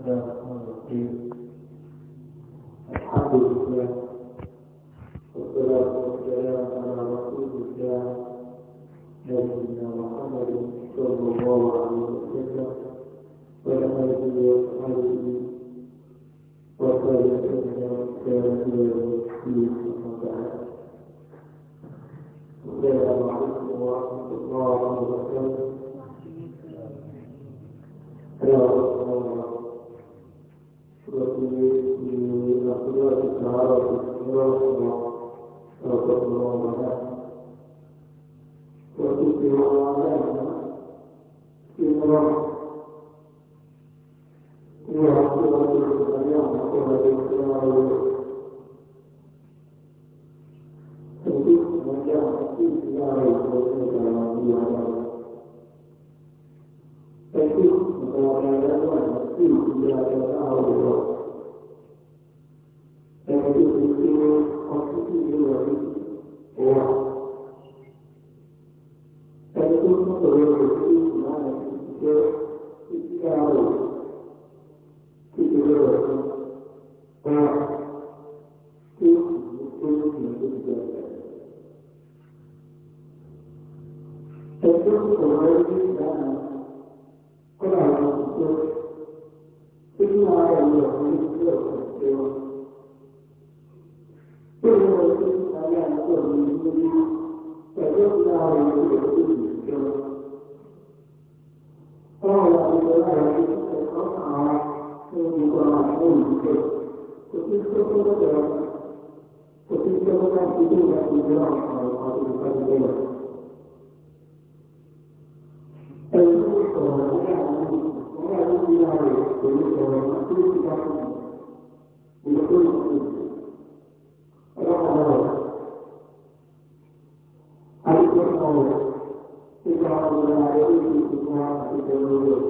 الله الرحمن الرحيم الحمد لله والصلاة والسلام على رسول الله نبينا محمد صلى الله عليه وسلم وعلى آله وصحبه kke l chan son, ak toursiva min, m Faceres dreams, alak l res, ak toursive m Faseres dreams, ak toursive m Faceres dreams, ak toursive m Faseres dreams, ak toursive m Faseres dreams, ak toursive m Faseres dreams, ak toursive m Faseres dreams,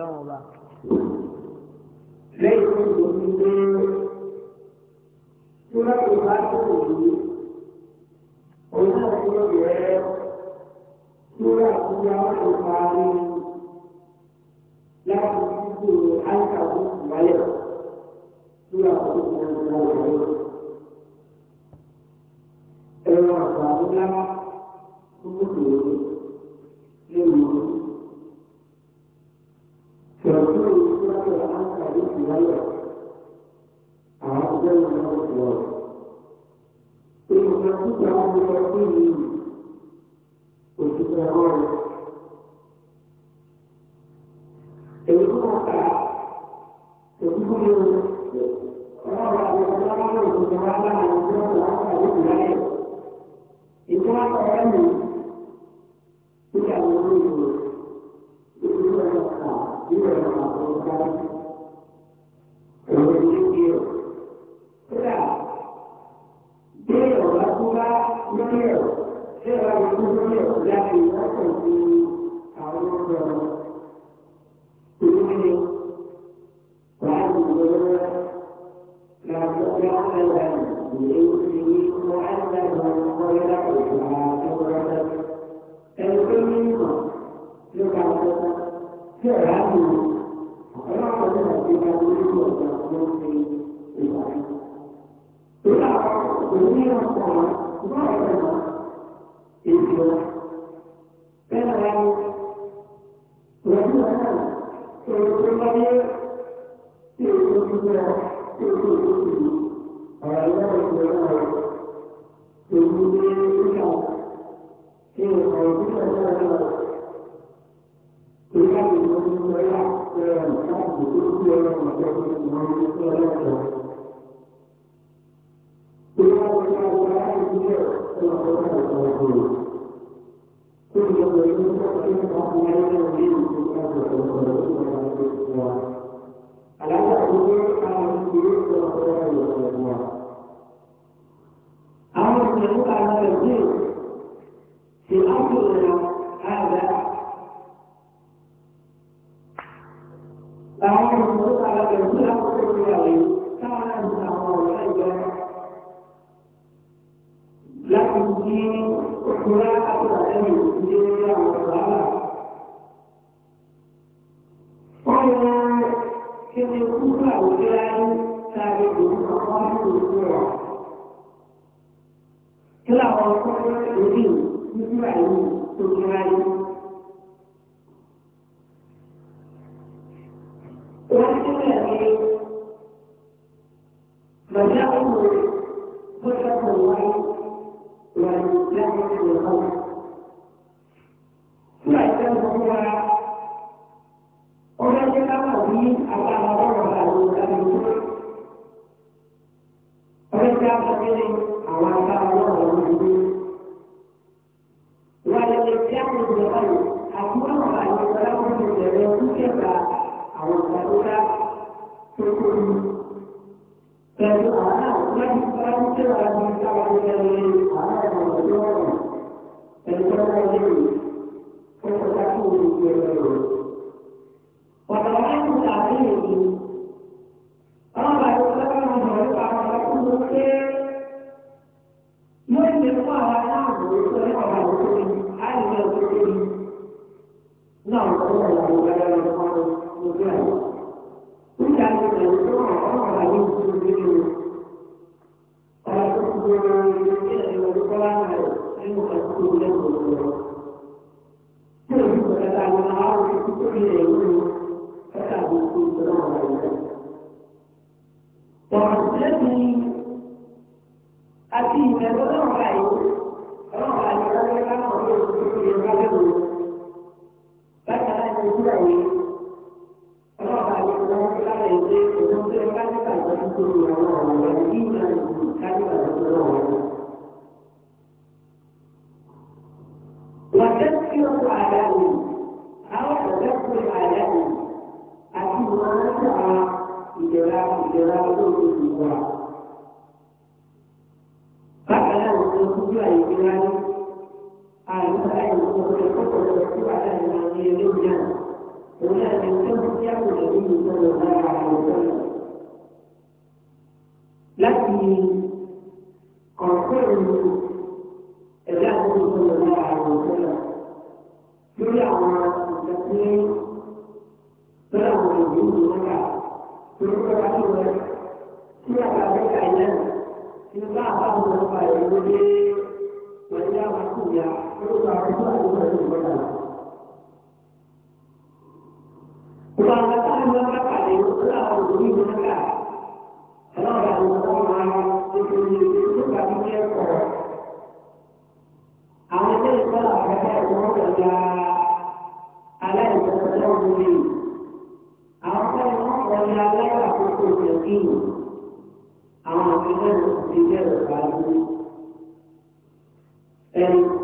ọlọ́run ọba. que láti kọ̀ọ̀kọ̀rọ̀ ẹ̀dá àkókò tó lọ àwọn lórí àwọn ìṣẹ́ tí àwọn ìlú ìlú mẹ́ta tó ń tọ́ka sí wọn tí àgbàdo kàìlẹ́ tí bá àbáwọn ọ̀pá ìlú dé wọ́n yá wọn kú ya lórí àwọn ìlú àti ìlú mẹ́ta. Ìgbà àgbàdo kàìlẹ́ And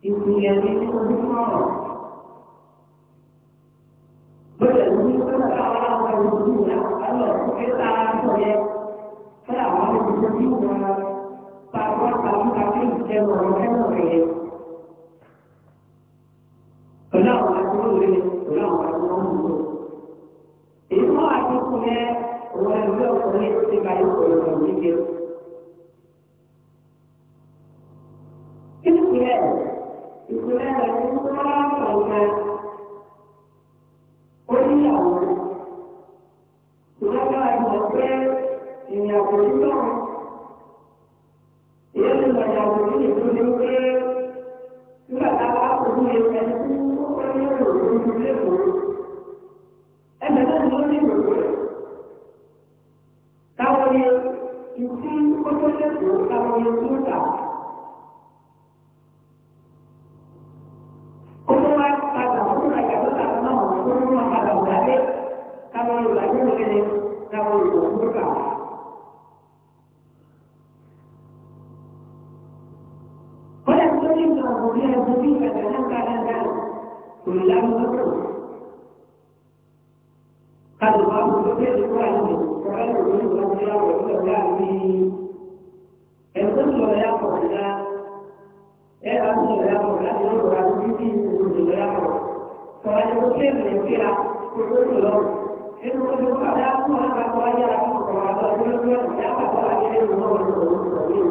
Ibu yang ini lebih marah. Betul, ini bukan salah orang yang berdua. Kalau kita tahu saja, kenapa ini berdua? Tahu tahu tapi dia orang yang berdua. Kenapa orang itu ini? Kenapa orang itu? Ini mahu aku punya orang yang berdua ini tidak ada orang yang berdua. Kalau itu sih berkira khusus dulu. Itu kalau ada aku akan kau ajar aku kalau ada dulu dulu siapa kau ajarin dulu dulu dulu.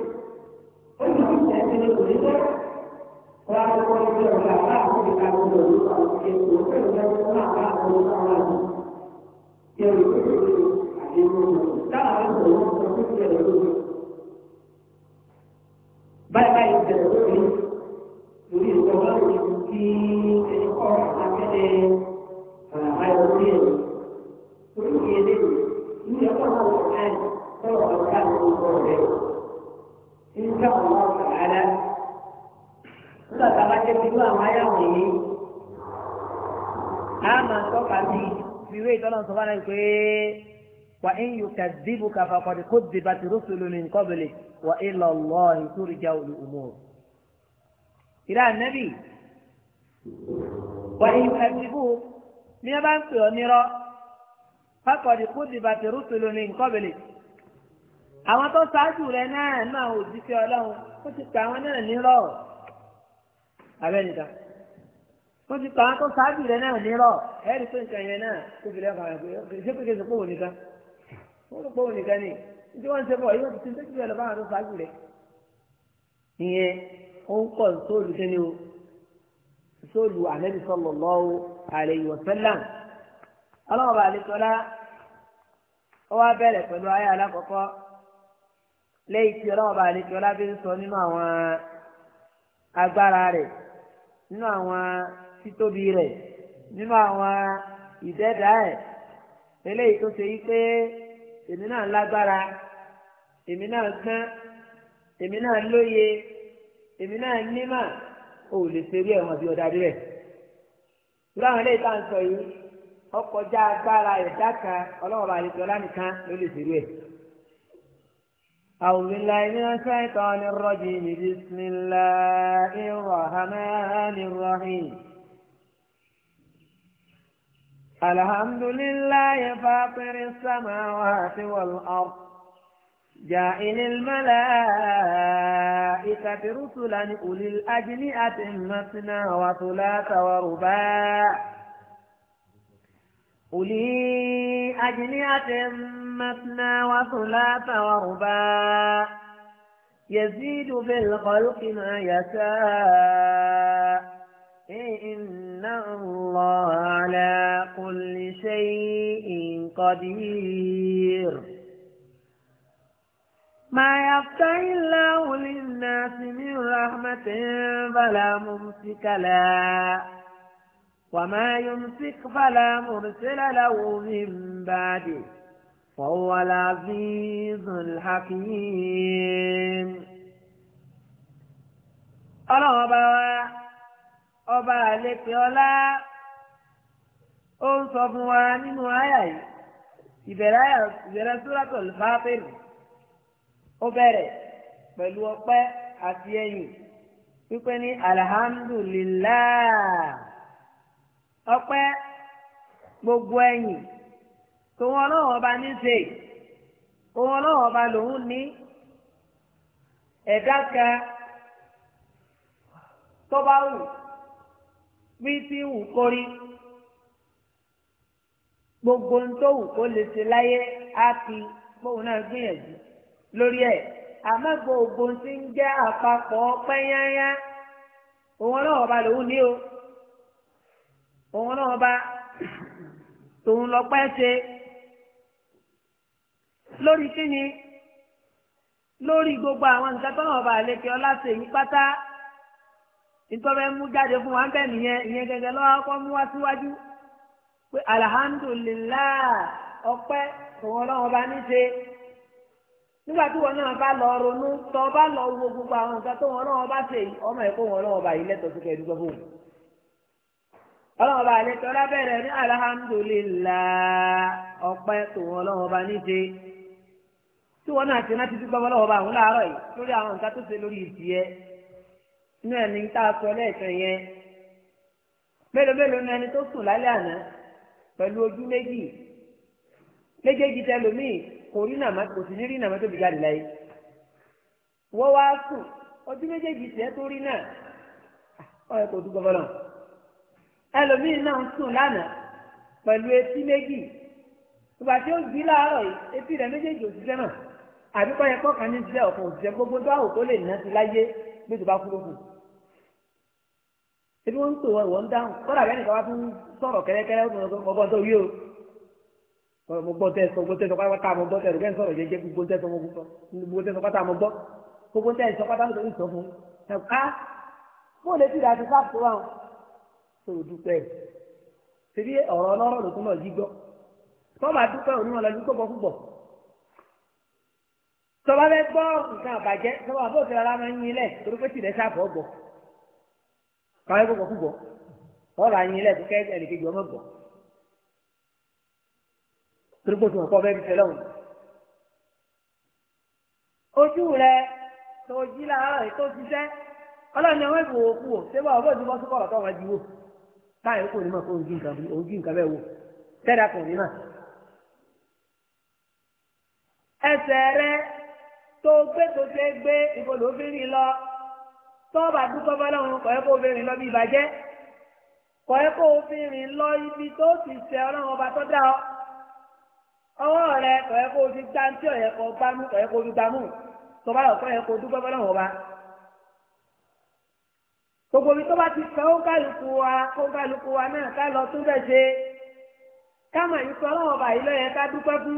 ó báyìí báyìí bẹ̀rẹ̀ lórí lórí ìjọba lórí kí ẹni kọ́ àtẹ́lẹ̀ إن شاء الله تعالى nígbà tá a bá jẹ́ pẹ̀lú àwọn ayé àwọn yìí a máa tọ́ka sí ìwé ìtọ́nà tó bá lẹ́yìn pé wà ń yù ká dìbò kàfà kọ́dí kó dìbà tí rúṣùlù ní kọ́bìlì wà ń lọ lọ ìtúrì já olú umu. ìrà nẹ́bì wà ń yù ká dìbò ní ẹ bá ń pè ọ́ nírọ́ kọ́kọ́dí kó dìbà tí rúṣùlù ní kọ́bìlì àwọn tó ṣáájú rẹ náà náà òjíṣẹ́ ọlọ́run ó ti pa àwọn náà nírọ̀ abẹ́nìkan ó ti pa àwọn tó ṣáájú rẹ náà nírọ̀ ẹ̀rí pé nǹkan yẹn náà tó fi lẹ́kọ̀ọ́ àwọn ẹgbẹ́ ṣé pé kéṣe pòwò nìkan wọ́n ló pòwò nìkan ni tí wọ́n ń ṣe bọ̀ yóò ti ṣe jùlọ lọ báwọn tó ṣáájú rẹ. ìyẹn ó ń kọ́ sóòlù kí ni o sóòlù ànábì sallallahu alayhi wa sallam ọlọ́run bá àlejò ọlá ó wá lẹ́yìn tí ọlọ́wọ́ bi lè sọ nínú àwọn agbára rẹ̀ nínú àwọn títóbi rẹ̀ nínú àwọn ìdẹ́dá ẹ̀ eléyìí tó ṣe yí pé èmi náà lágbára èmi náà gbọ́n èmi náà lóye èmi náà nímọ̀ ò lè ṣe rí ẹ̀wọ̀n bí ọ̀dà rẹ̀. irú àwọn eléyìí ọkọjá agbára ẹ̀dá kan أعوذ بالله من الشيطان الرجيم بسم الله الرحمن الرحيم الحمد لله فاطر السماوات والأرض جائل الملائكة رسلا أولي الأجنئة مثنى وثلاث ورباع أولي أجنئة مثنى وثلاث ورباع يزيد في الخلق ما يشاء إيه، إن الله على كل شيء قدير ما يفتح الله للناس من رحمة فلا ممسك لا وما يمسك فلا مرسل له من بعده وهو العزيز الحكيم ọlọ́run ọba wa ọba àlepẹ̀ ọlá ó ń sọ fún wa nínú àyà yìí ìbẹ̀rẹ̀ Suratul Fatir ó bẹ̀rẹ̀ pẹ̀lú ọpẹ́ àti ẹ̀yìn wípé ní alhamdulillah ọpẹ́ gbogbo ẹ̀yìn. tòun ọlọ́wọ́ ọba ní ṣe òun ọlọ́wọ́ ọba lòun ní ẹ̀dá kan tó bá wù bí gbogbo ń tó wù kó lè ṣe láyé á fi bóun náà gbìyànjú lórí ẹ̀ àmọ́ gbogbo ti ń jẹ́ àpapọ̀ pẹ́yáyá òun ọlọ́wọ́ ọba lòun ní lórí kíni lórí gbogbo àwọn nǹkan tó náà bá lékè ọlá ṣe yí pátá ìtọ́fẹ́ mú jáde fún wa nìyẹn ìyẹn mú wá síwájú pé òun bá lọ ronú bá lọ wo gbogbo àwọn nǹkan tó wọn náà bá ṣe yìí ọmọ ẹ̀kọ́ wọn náà bá yìí lẹ́tọ̀ọ́ sí kẹ́ẹ̀dúgbọ́ fún un tí wọ́n náà ti rántí dúpẹ́ bọ́lọ́wọ́ bá àwọn láàárọ̀ yìí lórí àwọn nǹkan tó ṣe lórí ìtì yẹ inú ẹni tá a sọ lẹ́ẹ̀kan yẹn mélòó mélòó ẹni tó sùn àná pẹ̀lú ojú méjì méjèèjì kò rí nàmá kò sì ní rí nàmá tóbi jáde láyé wọ́n wá sùn ojú méjèèjì tó rí náà kò náà ń sùn lánàá etí méjì ìgbà tí ó yìí etí méjèèjì ò àbí kọ́ yẹ kọ́ kan ní jẹ́ ọ̀kan òṣìṣẹ́ gbogbo tó àwò tó lè ná ti láyé bí tó bá kú lókun. ebi wọn ń tò wọn wọn ń dáhùn kọ́dà bẹ́ẹ̀ nìkan wá fún sọ̀rọ̀ kẹ́rẹ́kẹ́rẹ́ ó tún lọ gbọ́ tó yé o mo gbọ́ tẹ́ sọ gbọ́ tẹ́ sọ pátá mo gbọ́ tẹ́ rẹ̀ sọ̀rọ̀ jẹ́jẹ́ gbogbo tẹ́ sọ mo gbọ́ tẹ́ sọ pátá mo gbọ́ gbogbo tẹ́ sọ pátá mo tẹ́ sọ fún ká mo lè ti dà ti sáà tó wà ó tó o dúpẹ́ ṣe bí ọ̀rọ̀ ọlọ́rọ̀ lòkun náà yí gbọ́ tọ́ bá dúpẹ́ òní wọn lọ ní kó bọ́ fún bọ̀. tọba bẹ gbọ́ nǹkan àbàjẹ́ tọba àbọ̀ òkè abụọ ń yin lẹ̀ torí pé tìrẹ sáàbọ̀ gbọ, káwé gbọ́ kú gbọ́ ọ̀rọ̀ àyin ọmọ torí pé ojú rẹ tó jí ètò òkú o ṣé bá ọgbọ́n sọ́kọ̀ wọn kò ní mọ̀ kó ojú nǹkan bẹ́ẹ̀ wò tẹ́lẹ̀ kò ní mọ̀ tó gbé tó ṣe gbé ìbò lóbìnrin lọ tọ́ọ̀bà dúpọ́ bọ́lọ́run kọ̀ ẹ́ kó obìnrin lọ bí ìbàjẹ́ kọ̀ ẹ́ kó obìnrin lọ ibi tó ti ṣe ọlọ́run ọba tó dá ọ ọwọ́ rẹ kọ̀ ẹ́ kó o ti gbá tí ọ̀yẹ́ kọ̀ gbámú kọ̀ ẹ́ kó o ti gbámú tó bá lọ kọ̀ ẹ́ kó o dúpọ́ bọ́lọ́run ọba gbogbo mi tó bá ti fẹ́ kókàlùkù wa kókàlùkù wa náà ká lọ tún bẹ̀ ṣe ká mọ̀ ìfọlọ́wọ́ bàyí lọ́yẹ ká dúpẹ́ fún.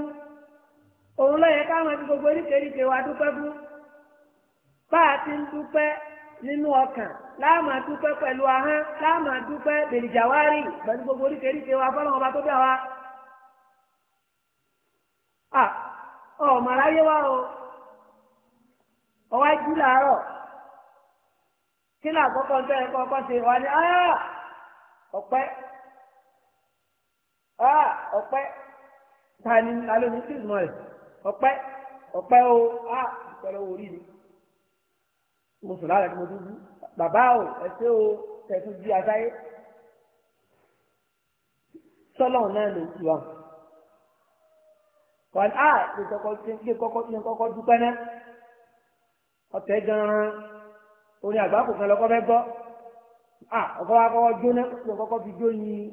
òun ló yẹ káwọn ẹbí gbogbo oríkèéríkèé wa dúpẹ́ fún bá a ti ń dúpẹ́ nínú ọkàn láàmà dúpẹ́ pẹ̀lú ahọ́n láàmà dúpẹ́ bèlìjàwárì pẹ̀lú gbogbo oríkèéríkèé wa fọlọ́n tó wa o làárọ̀ kí ni àkọ́kọ́ ń tẹ́ ṣe wá ní ọpẹ́ ọpẹ́ o a ìpẹrẹ wo rí mi mo sùn lára tí mo dúdú bàbá o ẹsẹ o tẹsán jí asáyé sọlọ náà ló tu wa wọn a lè kọ́kọ́ lè kọ́kọ́ lè kọ́kọ́ dúpẹ́ náà ọtẹ gan-an orin àgbákò kan lọkọ fẹ́ gbọ́ a ọkọ wa kọ́kọ́ jóná lè kọ́kọ́ fi jó yin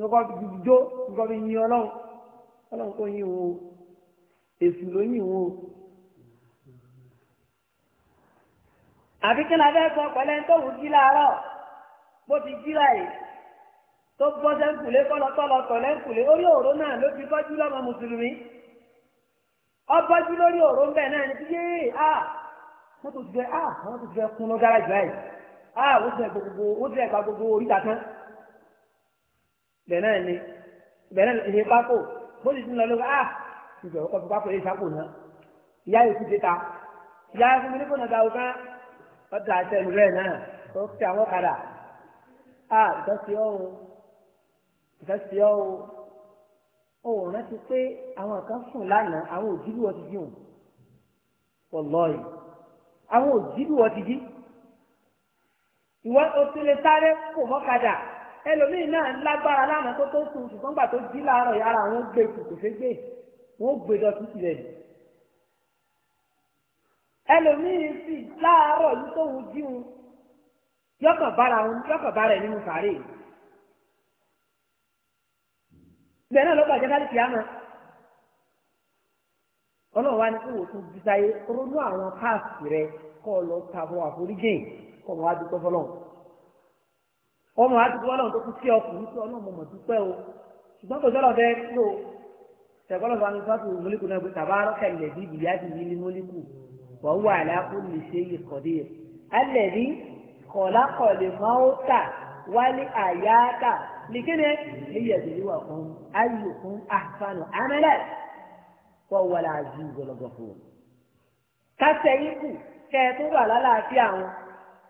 lè kọ́kọ́ fi jó lè kọ́kọ́ fi yin Ọlọ́run Ọlọ́run kò yin o èsì lóyìn wọn o. àbí kí la fẹ́ sọ pẹ̀lẹ́ tó wù jí láàárọ̀ bó ti jí láàyè tó bọ́ sẹ́ńkùlé kọ́lọ́kọ́lọ́ tọ̀lẹ́ńkùlé orí òró náà ló fi bọ́jú lọ́mọ mùsùlùmí ọbọ́jú lórí òró ń bẹ̀ náà ní bí yéé a wọ́n tó ti fẹ́ a wọ́n tó ti fẹ́ kún lọ gáràjì báyìí a wọ́n ti fẹ́ gbogbo wọ́n ti fẹ́ gba gbogbo oríta tán bẹ̀ náà ni bẹ̀ náà ni ìyẹn pákó bó ti ti lọ lóko a ìjọ ọkọ fi pápẹ́ ìṣàpò náà ìyá yòókù dé ta ìyá fún mi ní kò nàgà ọ̀gá ọ̀dà àtẹnu rẹ̀ náà ó fi àwọn ọ̀kadà à ìtọ́sí ọ̀hún ìtọ́sí ọ̀hún òun rántí pé àwọn kan fún lánàá àwọn òjìlú ọtí jí òun wọlọ́ọ̀yì àwọn òjìlú ọtí jí ìwọ òtún lè sáré kò mọ́kadà ẹlòmíín náà lágbára lánàá tó tó sùn ṣùgbọ́n gbà tó jí láàárọ̀ yàrá àwọn gbé kò ṣe gbé wọ́n gbé dọ̀tún sílẹ̀ yìí ẹlòmíín sì láàárọ̀ yìí tó wù jíun yọkàn bára wọn yọkàn bára ẹ nínú sàárè ìgbẹ́ náà ló bàjẹ́ káàdì kìámà ọlọ́run wa ni kó wò tún bisáyé ronú àwọn káàsì rẹ kọ́ ọ lọ tàbọ̀ àforíjìn kọ́ ọ wá dúpẹ́ fọlọ́run ọmọ wa dúpẹ́ fọlọ́run tó kú sí ọkùnrin tó ọlọ́run mọ̀ dúpẹ́ o ṣùgbọ́n kò sọ́lọ́ fẹ́ lò ó sẹ̀kọ́lọ́ fún anusọ́tù múlíkù náà tabaraka alladhi bìyàtì yìí ní múlíkù wa huwa ala kulli shay'in qadir alladhi khalaqal mauta wal hayata nìkéde liyabluwakum ayyukum ahsanu amala wa huwa al-azizul ghafur. kásẹ̀ yín kù kẹ́ ẹ tún wà lálàáfíà wọn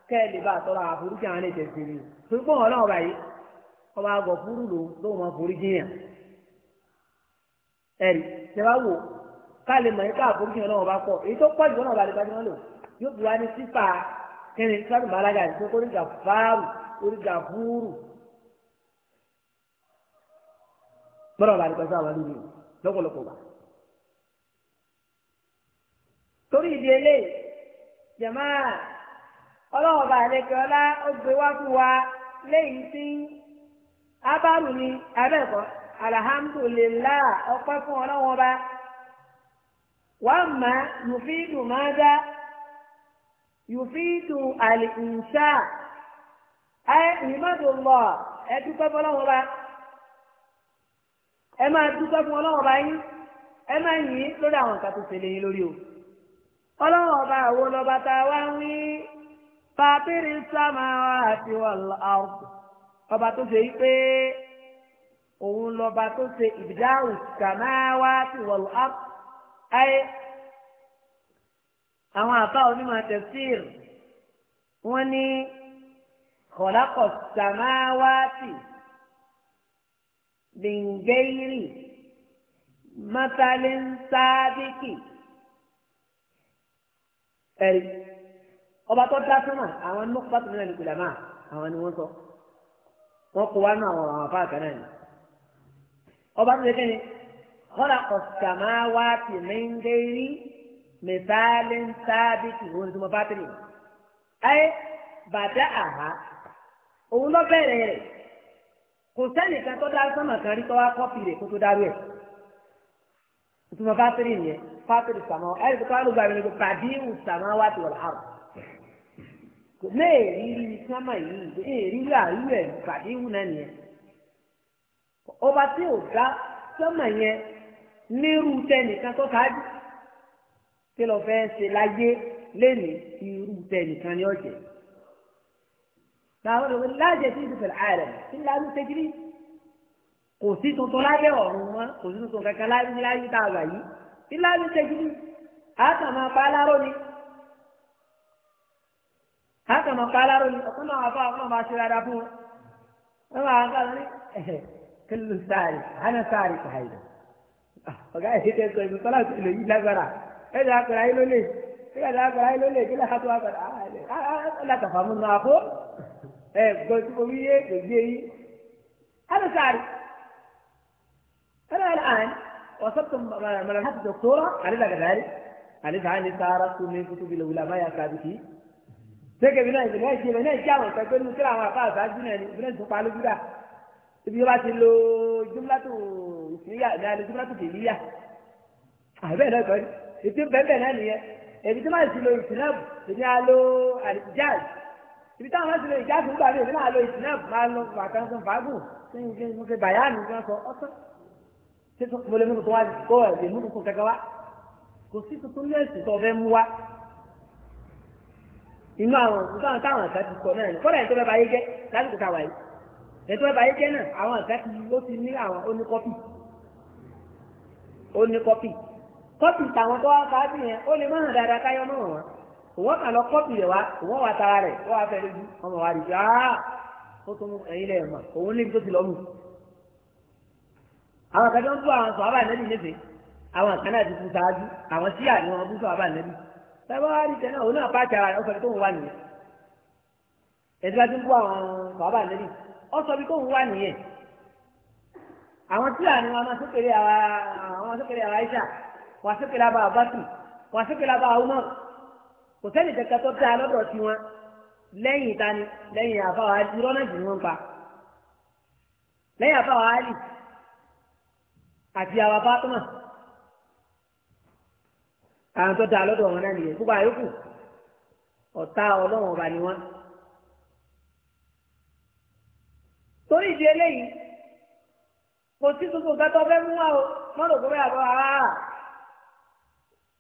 kẹ́ ẹ lè bá àtọ́ra àforíjì àwọn ẹ̀jẹ̀ fèrè ẹ̀rì ṣe wá wò ká lè mọ̀ nípa àforíjì ọlọ́run bá pọ̀ èyí tó pọ̀ jù ọlọ́run bá lè lò yóò bu wa ní sípà kẹrin sábà málága àti tó fáàrù fúrù bọ́dọ̀ lọ́pọ̀lọpọ̀ torí ìdí wa ni abẹ́ẹ̀kọ́. alhamdulillah ọpẹ́ fún ọlọ́wọ́n ọba wàá mà yùfídù máa dá yùfídù àlìǹṣà ẹ ìmọ̀dùnlọ ẹ dúpẹ́ fún ọlọ́wọ́n ọba ẹ máa dúpẹ́ fún ọlọ́wọ́n ọba yín ẹ máa yìn lórí àwọn nǹkan tó ṣẹlẹ̀ yín lórí o ọlọ́wọ́n ọba àwo lọ́ba tá a wá ń wí fàtírì sámà àti wàlá ọba tó ṣe yí pé òun lọba tó ṣe ìdáhùn sàmáwáàtì wal ard ayé àwọn àbá onímọ̀ tafsir wọ́n ní kọ̀lákọ̀ sàmáwáàtì bìngẹ́rì mọ́tálẹ́ ń sáàdìkì ẹ̀rí ọba tó dá sọ́mà àwọn nípa tó nílẹ̀ nípìnlẹ̀ máa àwọn ni wọ́n sọ wọ́n kó wá náà àwọn àbá àkànáà ni ọba tó yẹ kí kọ́lákọ̀ sàmáwáàtì mẹ́ngẹ́rì mẹ́sàálẹ́ sábìtì òun tó mọ bátìrì. ayé bàdá àhá òun lọ bẹ̀rẹ̀ rẹ̀ kò sẹ́nì kan tó dárú sọ́mà kan rí tó wá kọ́pì rẹ̀ kó tó dárú ẹ̀. tó mọ bátìrì yẹn bátìrì sàmá ayé tó kọ́ àlùgbà mi ni kò pàdíwù sàmáwáàtì wọ̀lá àrùn. ní èrí rí sọ́mà yìí èrí rí àrú ẹ̀ pàdíwù náà nìyẹn ọba tí ò dá sọ́mọ̀ yẹn nírú tẹnìkan tó ṣáájú tí lọ fẹ́ ṣe láyé lẹ́nu irú tẹnìkan ní ọ̀jẹ̀. Làwọn ọ̀dọ́ láàjẹ̀ tí ìdúpẹ̀ ààrẹ ti lálú tẹ́gírí kò sí tuntun láyé ọ̀run wọn kò sí tuntun kankan láyé láyé tá a wà yìí ti lálú tẹ́gírí àtàmà pálárò ni àtàmà pálárò ni ọ̀pọ̀ náà wà fún àwọn ọmọ àṣẹ rárá fún wọn. Wọ́n máa ń kà lórí ẹ̀hẹ̀. كل سارق أنا سارق هاي فقال هيدا كوي طلعت له يلا برا إذا قرا هاي لولي إذا قرا هاي لولي كلا خطوة قرا آه، آه، آه، لا تفهمون أخو إيه قلت بويه قلت أنا سارق أنا الآن وصلت ملامحات الدكتورة أليس كذلك؟ ذلك عني سارقت من كتب العلماء السابقين تكفي ناس ناس جاوا تقول نسرع ما قال ساعدنا نسرع على كذا ibi yóò bá ti lo jumlatu ìfìyà ìdáni jumlatu kìlíyà àbẹ́ẹ̀ ah, náà kọ́ni ètò bẹ́ẹ̀ náà nìyẹn èmi tí máa ti lo ìtìnàbù èmi á lo àdìjáàj ibi táwọn máa ti lo ìjáàj nígbà mi èmi náà lo ìtìnàbù máa lo bàtà sọ fàágù sẹ́yìn kí mo fi bàyá mi gan sọ ọ́sán ṣé mo lè mú tuntun wá kó ẹ̀ mú tuntun kankan wá kò sí tuntun lẹ́sìn tó fẹ́ mú wá inú àwọn tuntun táwọn kan ti sọ náà ní ètò ẹ̀bà yìí jẹ́ náà àwọn ìgbà tí ó ti ní àwọn oníkọ́pì oníkọ́pì kọ́pì tàwọn tó wá sáájú yẹn ó lè mọ̀ràn dáadáa káyọ́ mọ̀ wọ́n wọ́n kà lọ kọ́pì rẹ̀ wá wọ́n wá tara rẹ̀ wọ́n wá fẹ́ lójú ọmọ wa rìbí áá ó tún ẹ̀yin lẹ̀ mọ̀ òun níbi tó ti lọ́mù. àwọn kan tó ń bú àwọn sọ àbá nẹ́bí níbi àwọn kan náà ti kú sáájú àwọn síyà ni wọ́n bú sọ àbá nẹ́bí sábà wá rí tẹ náà òun náà pàṣẹ ara rẹ̀ ó fẹ́ tó ń wà nìyẹn. ẹ̀dí ọ sọ bí kò ń wà nìyẹn àwọn tí àná wọn máa sókèrè àwa àwọn máa sókèrè àwa Aisha wọn sókèrè àbá abatu wọn sókèrè àbá Umar kò sẹ́ni kẹ̀kẹ́ tó dáa lọ́dọ̀ sí wọn lẹ́yìn ìtani lẹ́yìn àfáwà irọ́ náà jù wọ́n pa lẹ́yìn àfáwà Ali àti àwa Fatima àwọn tó dáa lọ́dọ̀ wọn náà nìyẹn gbogbo àyókù ọ̀tá ọlọ́wọ̀n ọba ni wọ́n. torí ìdí eléyìí kò sí gbogbo nǹkan tó mú wa o wọ́n lò gbogbo àbọ̀ ara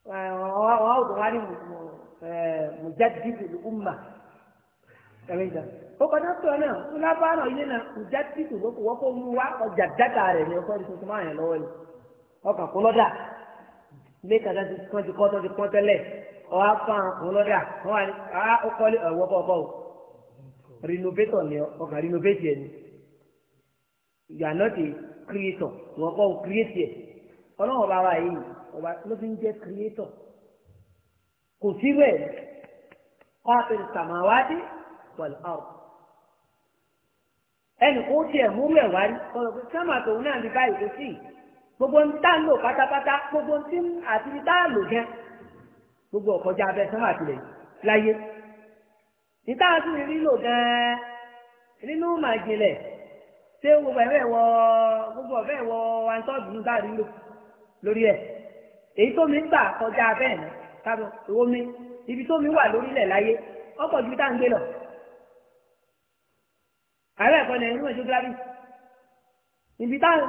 wọ́n ò tó wá ní mùjádìdì ùmà kàmíjà ó kọjá tó náà tó lábá náà yé náà mùjádìdì lóko wọ́n kó mú wa ọjà dáta rẹ̀ ní ọkọ ìṣòro tó máa yàn lọ́wọ́ yìí ọkàn kó lọ́dà ilé kàdá ti ti kọ́ tó ti pọ́n tẹ́lẹ̀ kó lọ́dà ah, o ni you are not a creator wọ́n are create yẹ ọlọ́run bá wa yìí ọba ló fi ń jẹ́ creator kò sí bẹ́ẹ̀ kọ́pìn sàmáwádìí pẹ̀lú ọ̀rọ̀ ẹnì kó tiẹ̀ mú rẹ̀ wá ní ọ̀rọ̀ pé sámà tòun náà ní báyìí kò sí gbogbo ń tá lò pátápátá gbogbo ń tí àti ní tá lò jẹ́ gbogbo ọ̀kọ́jà abẹ sámà tilẹ̀ láyé ní tá a tún rí lò gan-an nínú màjìnlẹ̀ ṣé gbogbo ẹ̀ wọ gbogbo ọ̀bẹ wọ antọ́ọ̀dù ń dárí lò lórí ẹ̀ èyí tó mi ń gbà kọjá bẹ́ẹ̀ ni kábọ̀ owó mi ibi tó mi wà lórílẹ̀ láyé ọkọ̀ ju tá à ń gbé lọ. ààrẹ ẹ̀kọ́ ni ẹ̀rú ẹ̀jọ́gíráfì ibi tá à ń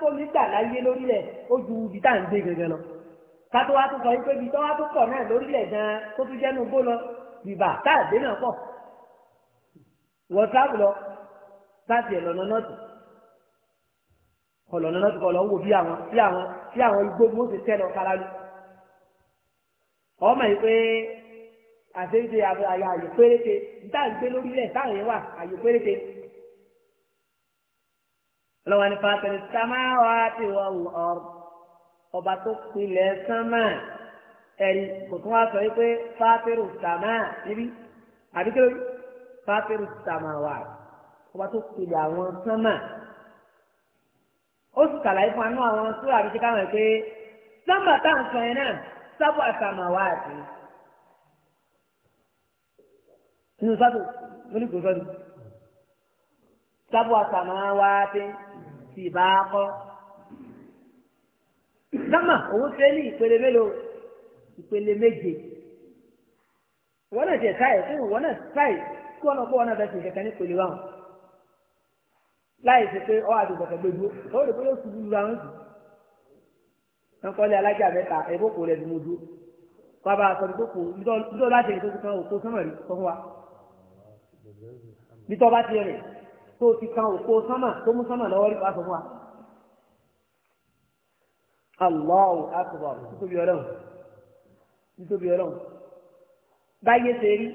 tó mi gbà láyé lórílẹ̀ ó ju ibi tá à ń gbé gẹ́gẹ́ lọ. kátó wá tó sọ wípé ibi tó wá tó pọ̀ náà lórílẹ̀ gan-an tó tún jẹ́nu gbó lọ bìbà táà dé náà pọ̀ wọ́n táàbù lọ láti ẹ̀ lọ́nà náà tù ọlọ́nà náà tù kọ́ bí àwọn igbó tẹ́ lọ kára ọmọ yìí pé àtẹ̀yìntẹ̀ àyè péréte níta ń gbé lórílẹ̀ táwọn yẹn wà àyè péréte lọ́wọ́ ní sàmáwá ti ọba tó pilẹ̀ sánmà ẹ̀rí kò tún wá sọ yìí pé níbí ọba tó pilẹ̀ àwọn sánmà ó sì kàlàyé fún anú àwọn tó rà bíi káwọn pé sánmà táwọn sọ yẹn náà sábà àtàmà wà á dé nínú sábà onígbò sọ́dún sábà àtàmà wà á dé sì bá a kọ́ sánmà òun ṣe ní ìpele mélòó ìpele méje wọ́n náà jẹ táyì fún wọn náà táyì kí wọ́n náà kó wọn náà bẹ́ẹ̀ sì kẹ̀kẹ́ ní pèlè wàhùn láì ṣe pé ọ àti ìgbọ̀kẹ̀ gbé dúró ó rè pé yóò ṣubú lu àwọn jù wọn kọ́lé alájà mẹ́ta ẹ̀bọ́ kò rẹ̀ ni mo dúró bàbá àtọ̀ nígbòkò nítorí láti ẹ̀yìn tó ti kan òkú sọ́mọ̀rí tó ń wa nítorí bá ti rìn tó ti kan òkú sọ́mọ̀ tó mú sọ́mọ̀ lọ́wọ́ rí pàṣẹ fún wa. Allahu akbar nítorí ọlọ́run nítorí ọlọ́run báyé ṣe rí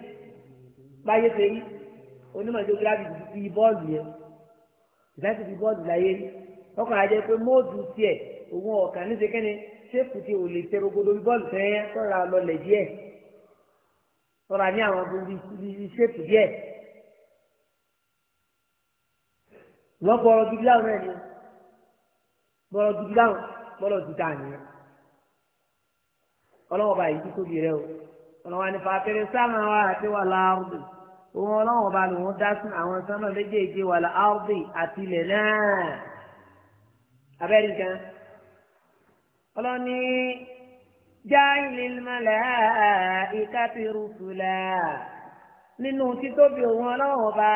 báyé ṣe rí onímọ̀ ìjọba ìbọ́ọ̀lù yẹn ìdájọ́ ti bọ́ọ̀lù láyé rí ọkàn àjẹ́ pé móòdù tiẹ̀ òun ọ̀kà ní sekẹ́ni ṣéèkù tí ò lè tẹ́rogodo bí bọ́ọ̀lù fẹ́ẹ́ tọ́ra lọlẹ̀ díẹ̀ tọ́ra ní àwọn ibi ṣéèkù díẹ̀ wọ́n bọ̀rọ̀ gidi láwọn náà ni bọ̀rọ̀ gidi láwọn bọ́ọ̀lù ti tà nìyẹn ọlọ́wọ́ báyìí tó tóbi rẹ o ọlọ́wọ́ ànífà fẹ́rẹ́ sáà máa wá àti wà láàrúdù òun ọlọ́run ọba lòun dá sí àwọn sánmà méjèèjì wàlà áùdì àti ilẹ̀ náà abẹ́rẹ́ gan ọlọ́ni jáìlélmọ́lá ìkápẹ́rùsùlá nínú títóbi òun ọlọ́run ọba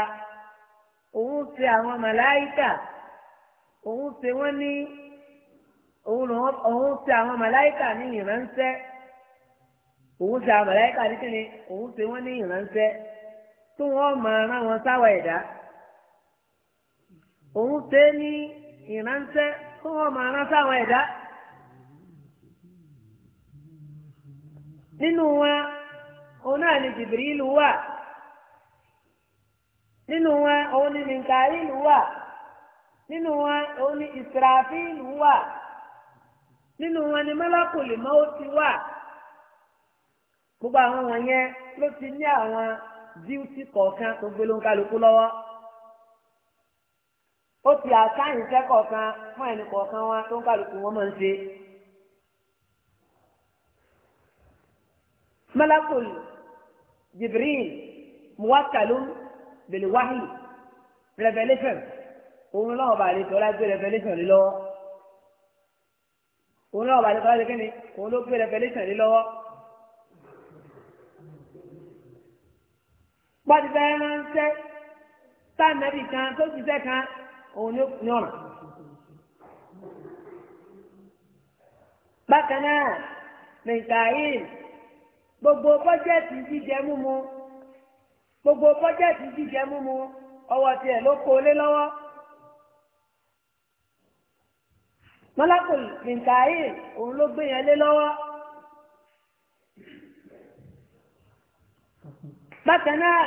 òun ṣe àwọn màláìkà òun ṣe wọ́n ní òun ṣe àwọn màláìkà ní ìránṣẹ́ òun ṣe àwọn màláìkà ní kíni òun ṣe wọ́n ní ìránṣẹ́. tó wọn máa rán wọn sáwà ẹ̀dá òun ṣe é ní ìránṣẹ́ tó wọ́n máa rán sáwà ẹ̀dá nínú wọn òun náà ni Jibrilu wà nínú wọn òun ni Mikailu wà nínú wọn òun ni Israfilu wà nínú wọn ni Malakul Mauti wà gbogbo àwọn wọ̀nyẹn ló ti ní àwọn. díútì kọ̀ọ̀kan tó gbé ló ń kálukú lọ́wọ́ ó ti àtàyìn iṣẹ́ kọ̀ọ̀kan fún ẹnì kọ̀ọ̀kan wa tó ń kálukú wọn máa ń ṣe. malakul jibril muwakalun biliwahi revelation òun lọ́wọ́ bá àlejò ọlá gbé revelation lé lọ́wọ́ òun lọ́wọ́ bá àlejò ọlá gbé kẹ́ni òun ló gbé revelation lọ́wọ́. bọ́dì bẹ́ẹ̀ ránṣẹ́ sáàmẹ́bì kan tó ṣiṣẹ́ kan òun ní ọ̀nà. bákan náà mẹ̀ǹkàyìn gbogbo bọ́jẹ́ẹ̀tì jíjẹ múmu gbogbo bọ́jẹ́ẹ̀tì jíjẹ múmu ọwọ́ tiẹ̀ ló kó lé lọ́wọ́. mọ́lákùn mẹ̀ǹkàyìn òun ló gbé yẹn lé lọ́wọ́. bákan náà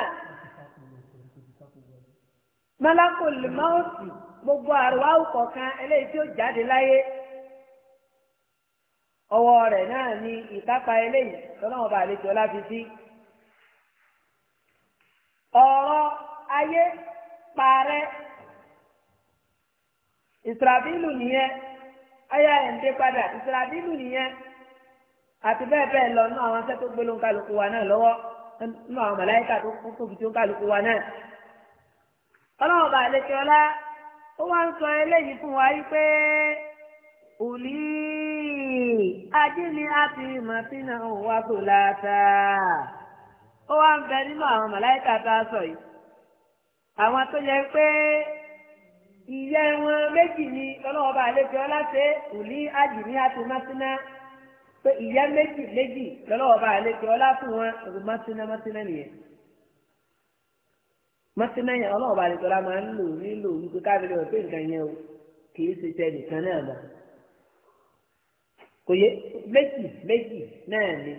malakul mawuti gbogbo àrùwá kọ̀ọ̀kan eléyìí tí ó jáde láyé ọwọ́ rẹ̀ náà ni ìkápá eléyìí tọ́lọ́mọba àlejò ọlá fi sí ọ̀rọ̀ ayé parẹ́ ìsirabilu nìyẹn ayé ẹ̀ǹdé padà ìsirabilu nìyẹn àti bẹ́ẹ̀ bẹ́ẹ̀ lọ náà àwọn akẹ́kọ̀ọ́ gbólóńkálukú wa náà lọ́wọ́ nínú àwọn màláìkà tó kún tóbi tó ń kálukú wa náà. ọlọ́run bá àlejò ọlá ó wá ń sọ eléyìí fún wa yí pé òlì ajínigbé àti màtínà òun wá tó láta ó wá ń bẹ nínú àwọn màláìka tá a sọ yìí àwọn tó yẹ pé ìyẹ́ wọn méjì ni ọlọ́wọ́ bá lè ọlá ṣe òní àjìní àti másínà pé ìyá méjì méjì lọ́lọ́wọ́ bá àlejò ọlá fún wọn ọ̀rọ̀ mọ́tínà mọ́tínà nìyẹn mọ́tínà yẹn ọlọ́wọ́ bá àlejò ọlá máa ń lò nílò nígbà káfíńtì wọn pé nǹkan yẹn o kì í ṣe tẹ nìkan náà mọ́ kò yẹ méjì méjì náà ni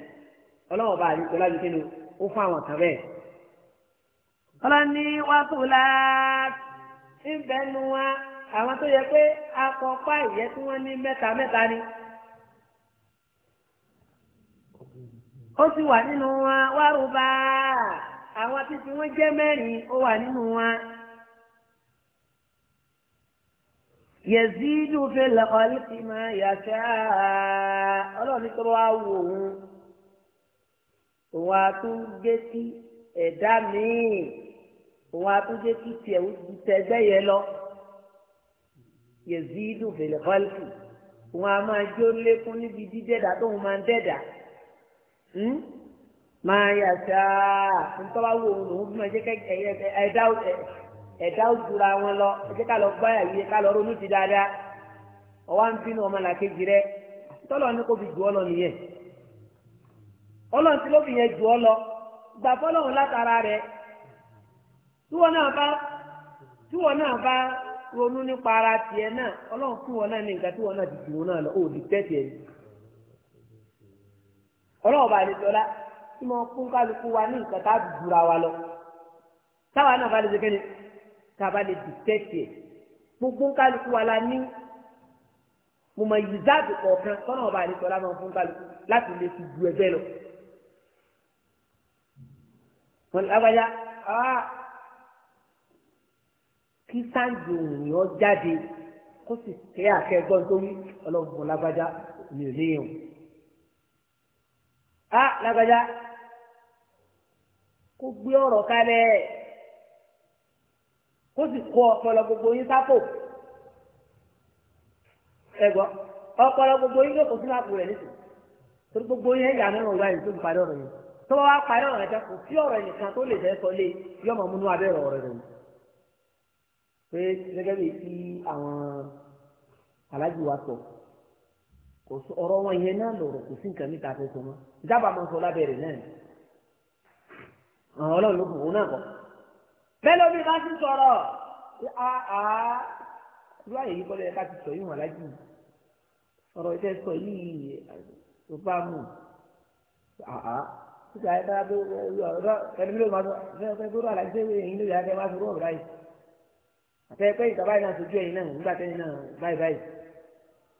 ọlọ́wọ́ bá àlejò ọlá yìí kíni ó fún àwọn kan bẹ́ẹ̀. ọlọ́ni wákùlá ń bẹnu wa àwọn tó yẹ pé akọ pa ìyẹ́ tí wọ́n ní mẹ́ta mẹ́ta ni. ó sì wà nínú wọn wárúbá àwọn títí wọn jẹ́ mẹ́rin ó wà nínú wọn. yẹ̀zídù fẹ́ lọ́kọ́ létí máa yàtọ̀ ọlọ́run ní tọ́lọ́ wá wò òun òun àtúndé tí ẹ̀dá míì òun àtúndé tí tiẹ̀ ó ti tẹ́gbẹ́ yẹn lọ yẹ̀zídù fẹ́ lọ́kọ́ létí òun a máa jó lékún níbi dídẹ́dà tóun máa ń dẹ́dà. Hmm? máa yà sáà ntọ́ba wo òun lòún fún ẹ jẹ́ ẹ̀dá òjúra wọn lọ jẹ́ ká lọ gbá yàrá ká lọ ronú ti dáadáa ọwọ́ ń bínú ọmọ ọ lọ nìyẹn ọlọ́run tí ló fi yẹn jù lọ gbà látara rẹ náà bá náà bá ronú nípa ara tiẹ̀ náà ọlọ́run fún wọn náà ní nǹkan náà ti ọlọ́wọ́ bá lè tọ́lá tí mo fún kálukú wa ní nǹkan tá a dùdúra wa lọ táwa náà bá lè ṣe kéde tá a bá lè dìtẹ́tì ẹ̀ gbogbo kálukú wa la ní mo mọ ìzáàbù kọ̀ọ̀kan tọ́nà ọba àlejò ọlá máa fún kálukú láti lè fi ju ẹgbẹ́ lọ. wọn lágbájá kí sáǹdì òyìnbó jáde kó sì tẹ́ àkẹ́gbọ́n tó wí ọlọ́run lágbájá léèyàn á lágbájá kó gbé ọ̀rọ̀ kalẹ̀ kó sì kó ọpọlọ gbogbo yín sápò ẹgbọ ọpọlọ gbogbo yín lóko sínú àpò rẹ nísìnyí torí gbogbo yín ẹ̀yà mẹ́rin ọ̀gá yìí tó ń parí ọ̀rọ̀ yìí tó bá wá parí ọ̀rọ̀ yẹn kò sí ọ̀rọ̀ ẹnìkan tó lè fẹ́ sọ lé yọ ọmọ múnú abẹ́rẹ́ ọ̀rọ̀ rẹ̀ pé gẹ́gẹ́ bí ti àwọn alájùwà sọ ọ̀rọ̀ wọn yẹn náà lọ̀rọ̀ kò sí nǹkan níta tó so mọ́ ìjábà máa ń sọ lábẹ́rẹ̀ náà ni àwọn ọlọ́run ló bùn òun náà bọ̀. bẹ́ẹ̀ ló bí bá ti sọ̀rọ̀ irú àyè yìí kọ́lẹ́ bá ti sọ yìí wọ́n lájú ọ̀rọ̀ ìtẹ́ sọ yìí ló bá mú sísè ayé tó ọ̀rọ̀ ẹni ló máa sọ ẹni tó rà láti ṣe èyí ló yà á máa sọ rú ọ̀rọ̀ báyìí àtẹ́pẹ́ ìtàbáyìí náà sojú ẹ̀yìn náà nígbà tẹ́yìn náà báyìí báyìí.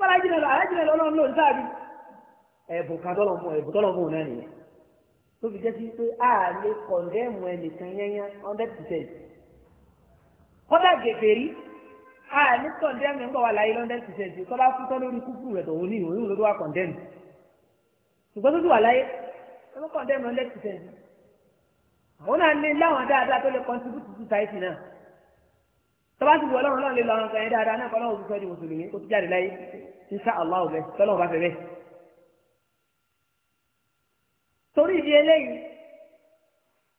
farajinà lọ alájinà lọ lọ́nà lóun sáàbí ẹ̀bùn kan tọ́lọ̀ fún ẹ̀bùn tọ́lọ̀ fún náà nìyẹn tó fi jẹ́ sí pé a lè kọ̀ndẹ́mù ẹnìkan yẹ́nyẹ́ hundred percent kọ́dà gègèrí a lè kọ̀ndẹ́mù ẹ̀ńgbọ̀n wà láyé hundred percent tó bá kú tọ́ lórí kúkú rẹ̀ tó ní ìwòyìn ló wà kọ̀ndẹ́mù ṣùgbọ́n tó ti wà láyé tó kọ̀ndẹ́mù hundred percent àwọn náà lè láwọn dáadáa tó lè contribute to society náà tọ́ba ti wù ọlọ́run náà lè lọ àwọn kan yẹn dáadáa náà kọ́ insha Allah bẹ́ẹ̀ tọ́lọ́ bá fẹ́ torí ìdí eléyìí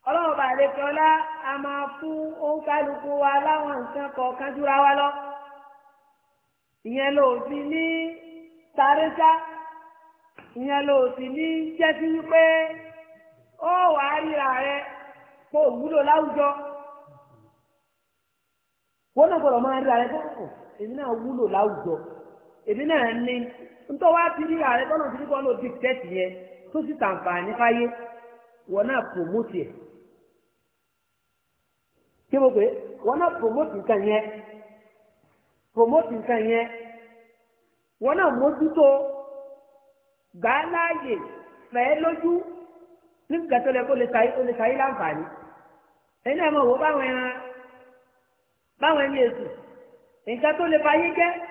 ọlọ́run bá lè fi ọlá a máa fún wa láwọn nǹkan kọ̀ọ̀kan lọ ìyẹn ló ti ní sáré ìyẹn ló sì ní jẹ́ sí wípé ó wà á ríra kó wúlò láwùjọ náà máa ríra èmi náà ní nítorí wá ti rí ààrẹ tọ́nà tí nípa ló dìtẹ́tì yẹn tó sì tàǹfààní fáyé wọn náà promote ẹ̀ kí mo pè é wọn náà promote nǹkan yẹn promote nǹkan yẹn wọn náà mójútó gbà á láàyè fẹ́ lójú nígbà tó lẹ kó lè ṣayé láǹfààní ẹ̀yin náà mọ̀ wọ́n báwọn ẹran báwọn ẹni èsù nǹkan tó lè fàyé jẹ́.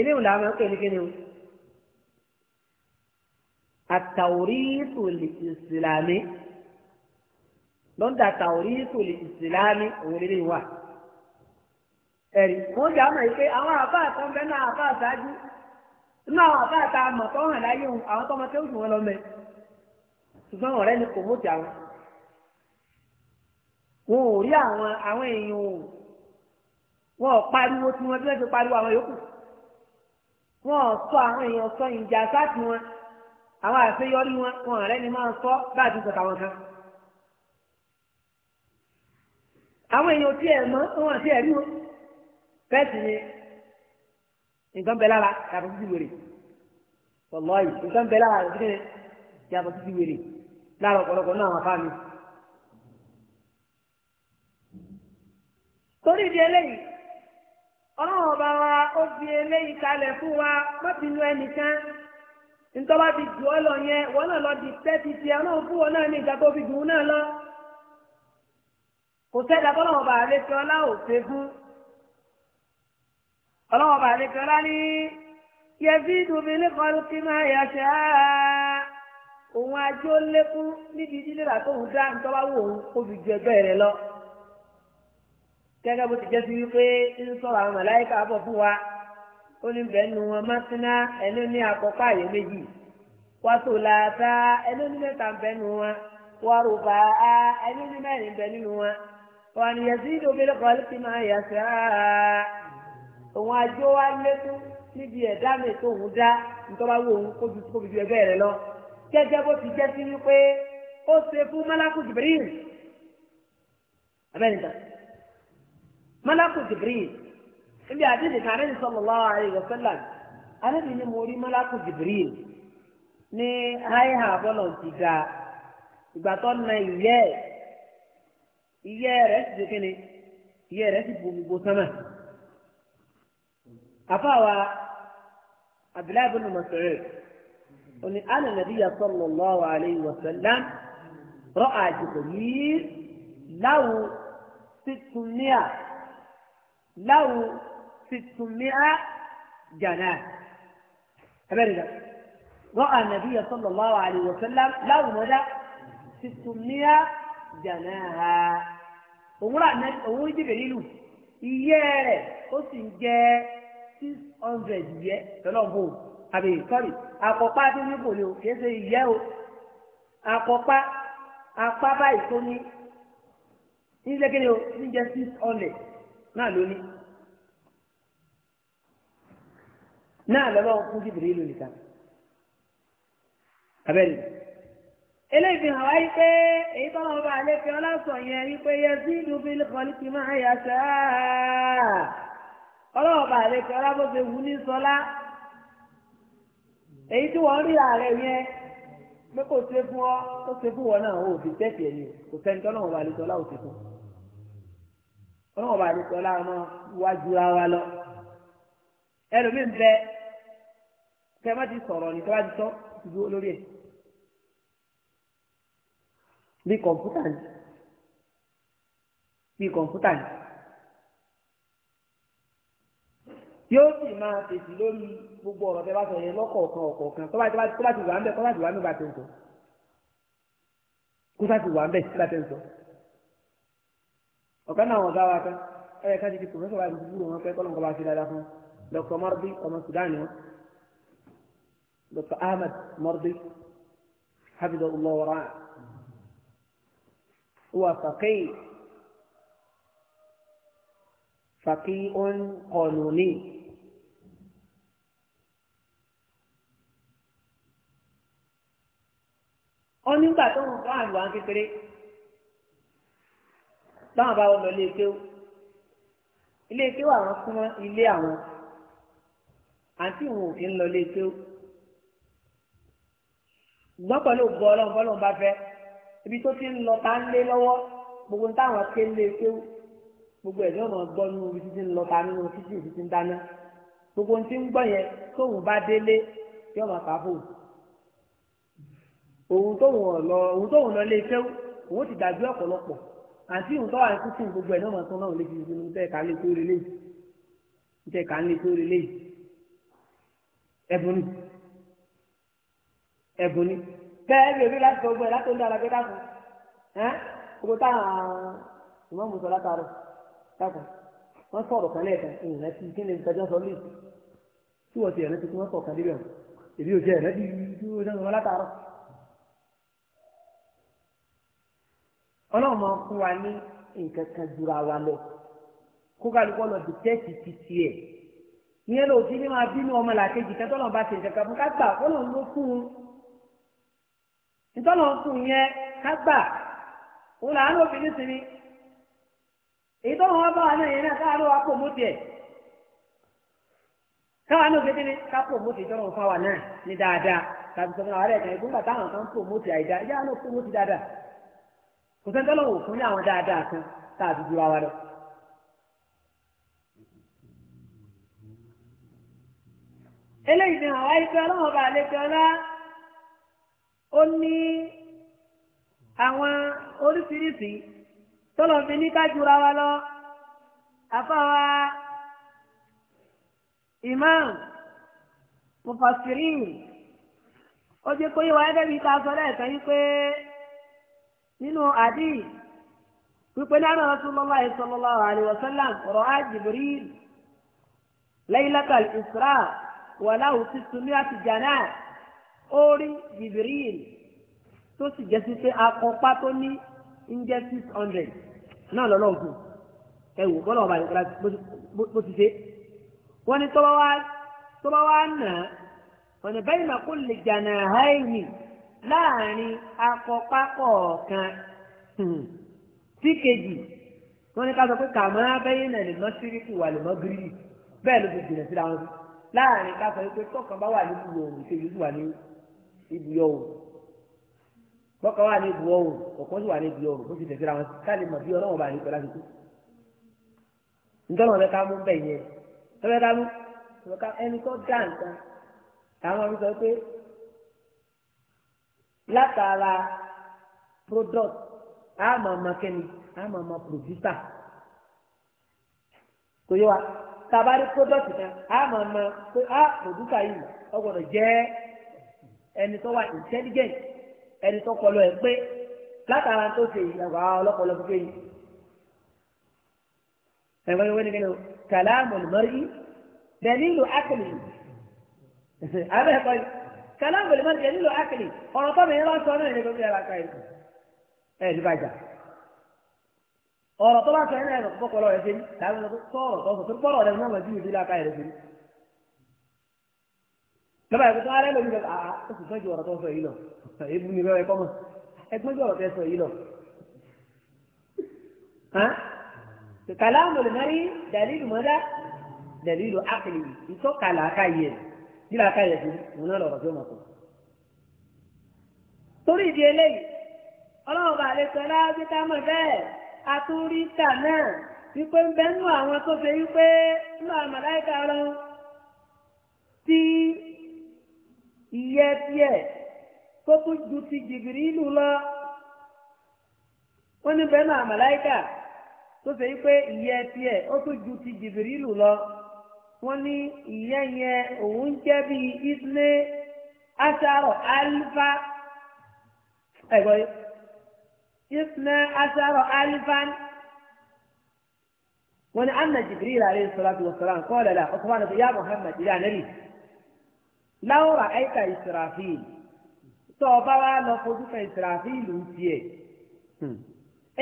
eléyìí làá máa ń pè ní kíni o àtàwòrítù ìsìlámì lọ́ńdà àtàwòrítù ìsìlámì òun lè wà ẹ̀rí wọ́n jà àwọn àbá àtọ́ bẹ́ẹ̀ náà àbá àṣáájú inú àwọn àbá àta ụmụ tó hàn láyé òun àwọn tó jù wọn lọ ni wọn ò pariwo tí wọn tí fi pariwo àwọn yòókù wọn ò sọ àwọn èèyàn sọ ìjà sáàtì wọn àwọn àṣeyọrí wọn wọn ọ̀rẹ́ ni máa sọ bá a ti wọn kan. àwọn èèyàn tí ẹ̀ mọ́ wọn àti ẹ̀rí wọn fẹ́ẹ̀sì ni nǹkan bẹ lára yàtọ̀ sí ti wèrè wọ̀lọ́ọ̀yì nǹkan bẹ lára yàtọ̀ yàtọ̀ sí wèrè lára ọ̀pọ̀lọpọ̀ náà àwọn afá mi. torí ìdí eléyìí ọlọ́run ọba wa ó fi eléyìí kalẹ̀ fún wa má bínú ẹnìkan ntọ́ba ti jù ọ́ lọ yẹn wọ́n náà lọ di tẹ́tí tiẹ̀ ọlọ́run fún wọn náà ní ìjà tó fi jù náà lọ. kò sẹ́dá ọlọ́run ọba àlejò ọlá ò ṣe fún ọlọ́run ọba àlejò ọlá ní yazidu bil khalqi ma yasha òun ajé lékún níbi ìdílé rà tóun dá ntọ́ba wò ó fi ju ẹgbẹ́ rẹ lọ gẹ́gẹ́ bó ti jẹ́ sí wípé ń sọ̀rọ̀ àwọn màláìka bọ̀ fún wa ó ní bẹ́ẹ̀ nu wọn mọ́síná ẹni ní àkọ́kọ́ àyè méjì wàtò làtà ẹni ní mẹ́ta ń bẹ́ẹ̀ nu wọn wàrùbà á ẹni ní mẹ́rin bẹ́ẹ̀ nínú wọn wọn yẹ sí ìdókèlè kọ́lé tí máa yà sí ara òun àjọ wa lékún níbi ẹ̀dá mi tó òun dá nítorí wo òun kó ju kó ju ẹgbẹ́ rẹ lọ gẹ́gẹ́ bó ti jẹ́ sí wípé ó ṣe fún mọ́lákù jìbìrì abẹ́nìkan malaku jibril ibi àdìsí tààrẹ ní sallallahu alaihi wa sallam alábi ni mo rí malaku jibril ní haiha bọlọ ti ga ìgbà tó na ìyẹ́ ìyẹ́ rẹ̀ ti di kíni ìyẹ́ rẹ̀ ti bu gbogbo sánmà àfàwà abdullahi bin mas'ud oni ana nabiya sallallahu alaihi wa sallam ra'a jibril lahu situniya. له ستمائة جناح أبدا رأى النبي صلى الله عليه وسلم له مدى ستمائة جناح òwúrọ̀ náà owó jìbìrìlù iye rẹ̀ ó sì ń jẹ́ six hundred yẹ tọ́lọ́bù àbí sọ́rí àkọ́pá tó ní bòlò kìí ṣe iye o àkọ́pá apá báyìí tó ní ní ṣe kéde o ní jẹ́ six hundred náà lóní náà lọ́wọ́ fún jìbìrì ìlú nìkan abẹ́rẹ́ eléyìí fi hàn wáyé pé èyí tó lọ́wọ́ bá alẹ́ fi ọlọ́sọ̀ yẹn rí pé yẹ sí ìlú bí kọ́líkì máa yà sáà ọlọ́wọ́ bá alẹ́ fi ọlọ́bọ̀sẹ̀ wù ní sọlá èyí tí wọ́n rí ààrẹ yẹn pé kò ṣe fún ọ kò ṣe fún wọn náà ò fi tẹ́tì ẹ̀yìn kò sẹ́ni tọ́lọ́wọ́ bá alẹ́ sọlá ò ṣe fún ọ ọlọ́wọ́n bá mi sọlá ọmọ wájú wa lọ ẹlòmíín bẹ kẹ má ti sọ̀rọ̀ ní tọ́wá ti tọ́ ti dúró lórí ẹ̀ bí kọ̀ǹpútà ni bí kọ̀ǹpútà ni yóò sì máa tètè lórí gbogbo ọ̀rọ̀ tẹ bá sọ yẹn lọ́kọ̀ọ̀kan ọ̀kọ̀ọ̀kan tó bá ti wà ń bẹ̀ tó bá ti wà ń bẹ̀ bá ti ń sọ kó sá ti wà ń bẹ̀ bá ti ń sọ. وكانه وزاواتا اي كاتي جيكو فسو بايدو تبورو ما كي قلن قباسي لالا خون دكتو مرضي وما سوداني وان دكتو احمد مرضي حفظ الله وراء هو فقي فقي قانوني أنا نبغى تونا كلام وان كتير báwọn bá wọn lọ ilé kéwú ilé kéwú àwọn súnmọ́ ilé àwọn àǹtí wọn ò fi ń lọ ilé kéwú ṣùgbọ́n pẹ̀lú ògbọ́ ọlọ́run bọ́lọ́run bá fẹ́ ibi tó ti ń lọ ta ń lé lọ́wọ́ gbogbo ní táwọn ké lé kéwú gbogbo ẹ̀dọ́ ọmọ gbọ́ nínú ibi títí ń lọ ta nínú títí ibi tí ń dáná gbogbo ní ti ń gbọ́ yẹn tóun bá délé yóò máa fà á fò òun tóun lọ lé kéwú òun ti dàgbé ọ̀pọ̀lọpọ̀ àti nǹkan wà kú fún gbogbo ẹ̀ náà máa tán náà létí ìṣúná níta ẹ̀ka lè tó relé níta ẹ̀ka lè tó relé ẹ̀bùn ni ẹ̀bùn ni bẹ́ẹ̀ bèbí láti gbogbo ẹ̀ látọ̀ ní alágbé dàkún ẹ́ gbogbo táwọn ìmọ̀ mùsọ̀ látàrọ̀ dàkún wọ́n sọ̀rọ̀ kan lẹ́ẹ̀kan ìrìnà tí kí ni ìtajà sọ lè tí wọ́n ti ẹ̀rẹ́ tuntun wọ́n ọlọ́run máa fún wa ní nǹkan kan jura wa lọ kó kálukọ́ lọ di tẹ́ẹ̀tì ti tiẹ̀ ìyẹn ló ti ní máa bínú ọmọ làkejì kan tọ́lọ́run bá ti nǹkan kan fún ká gbà ọlọ́run ló fún un ìtọ́lọ́run fún yẹn ká gbà òun làánú obìnrin sinmi èyí tó wọn bá wa náà yẹn náà káàánú wa pò mú tiẹ̀ ni ká pò mú tiẹ̀ tọ́lọ́run fún wa náà ní dáadáa tàbí sọ fún wa rẹ̀ kan kò sẹ́ńtọ́lọ̀ wò fún ní àwọn dáadáa kan tá a ti dúró wa lọ. eléyìí ni àwọn ayé pé ọlọ́run ọba àlejò ọlá ó ní àwọn oríṣiríṣi tọ́lọ̀ fi ní ká jura wa lọ àfáwa imam mufassirin ó jẹ́ ebe yẹ wá ẹ́ sọ lẹ́ẹ̀kan nínú àdí pípẹ́ náà Rasulullahi sallallahu alaihi wasallam ra'a Jibril laylatal Isra wa lahu sittimi'atu janah ó rí Jibril tó sì jẹ́ sí pé akọpá tó ní ń jẹ́ six hundred náà lọ́nà ògùn ẹ bọ́lá ọba ìkọlá bó ti ṣe wọ́n ní tọ́ba wá nà wọ́n ní bayna kulli janahayni láàrin akọpákọ̀ kan sí hmm. kejì wọ́n ní ká sọ pé kàmọ́ abẹ́yẹ́ náà lè mọ́ síríkù wà lè mọ́ gírì bẹ́ẹ̀ ló fi jìnà síra wọn láàrin ká sọ pé tọ́kàn bá wà ní ibùyọ̀ òun ìṣèlú sì wà ní ibùyọ̀ òun tọ́kàn wà ní ibùyọ̀ òun ọ̀kan sì wà ní ibùyọ̀ òun ó sì tẹ̀síra wọn ká lè mọ̀ bí ọlọ́wọ́n bá nípa láti kú. nítorí wọn fẹ́ ká mú bẹ́ẹ̀ yẹn ẹ fẹ́ ká mú ẹni tó dá nǹkan táwọn fi sọ pé látara product àmọ́ makẹ́ni àmọ́ ọmọ producer kò yẹ wa tabari product kan àmọ́ ọmọ pé a producer yìí ó gbọ́dọ̀ jẹ́ ẹni tó wà intelligent ẹni tó kọlọ ẹ pé látara tó ṣe ìyàwó ọlọ́pọlọ pípé yìí ẹ̀fọ́ yẹn wọ́n ní kí ni o kàlámù lùmọ́rí dẹ̀lílù ákìlì abẹ́ẹ̀kọ́ yìí kàlámù lè má jẹ nílò ákìlì ọ̀rọ̀ tọ́mọ yẹn bá sọ náà yẹn gbogbo yẹn bá ká yẹn ẹ̀ ní bàjá ọ̀rọ̀ tó bá sọ yẹn náà yẹn kọ́kọ́ lọ́wọ́ yẹn ṣe ní tàbí sọ̀rọ̀ tó sọ tó kọ́rọ̀ rẹ̀ náà ju ìdí láká yẹn ṣe ní. lọ́ba yẹn kó tó ara ẹ̀ lómi lọ́ba àá ó sì sọ́jú ọ̀rọ̀ tó sọ yìí lọ ebu ni bẹ́ẹ̀ kọ́ mọ́ ẹgbẹ́ ọ̀rọ̀ tẹ tí làákà yẹ sí òun náà lọ̀rọ̀ tí ó mọ̀ torí ìdí eléyìí ọlọ́run bá lè sọ láàbí ká mọ̀ bẹ́ẹ̀ náà wípé ń bẹ́ nú lọ tí ìyẹ́ tiẹ̀ tó tún ju ti jìbìrì ìlú lọ wọ́n ní bẹ́ẹ̀ nú tó ṣe wípé ìyẹ́ tiẹ̀ lọ. wọ́n ní ìyẹn yẹn òun jẹ́ bíi ìdílé asarọ̀ alifa ẹ̀gbọ́n ìdílé asarọ̀ alifa wọ́n ní anna jibril alayhi salatu wa salam kọ́ dada ọkùnrin àti ya muhammad ilé anabi láwùrọ̀ àyíká ìsirafil tó o bá wa lọ fojú kan ìsirafil ń tiẹ̀